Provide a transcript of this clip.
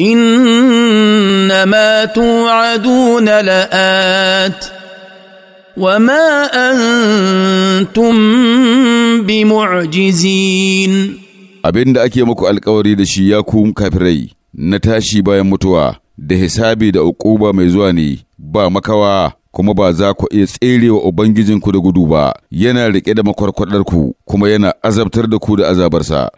انما توعدون لات وما انتم بمعجزين abin da ake muku alkawari da shi ya ku kafirai na tashi bayan mutuwa da hisabi da uquba mai zuwa ne ba makawa kuma ba za ku iya tserewa ubangijinku da gudu ba yana riƙe da makwarkwadarku kuma yana azabtar da ku da azabarsa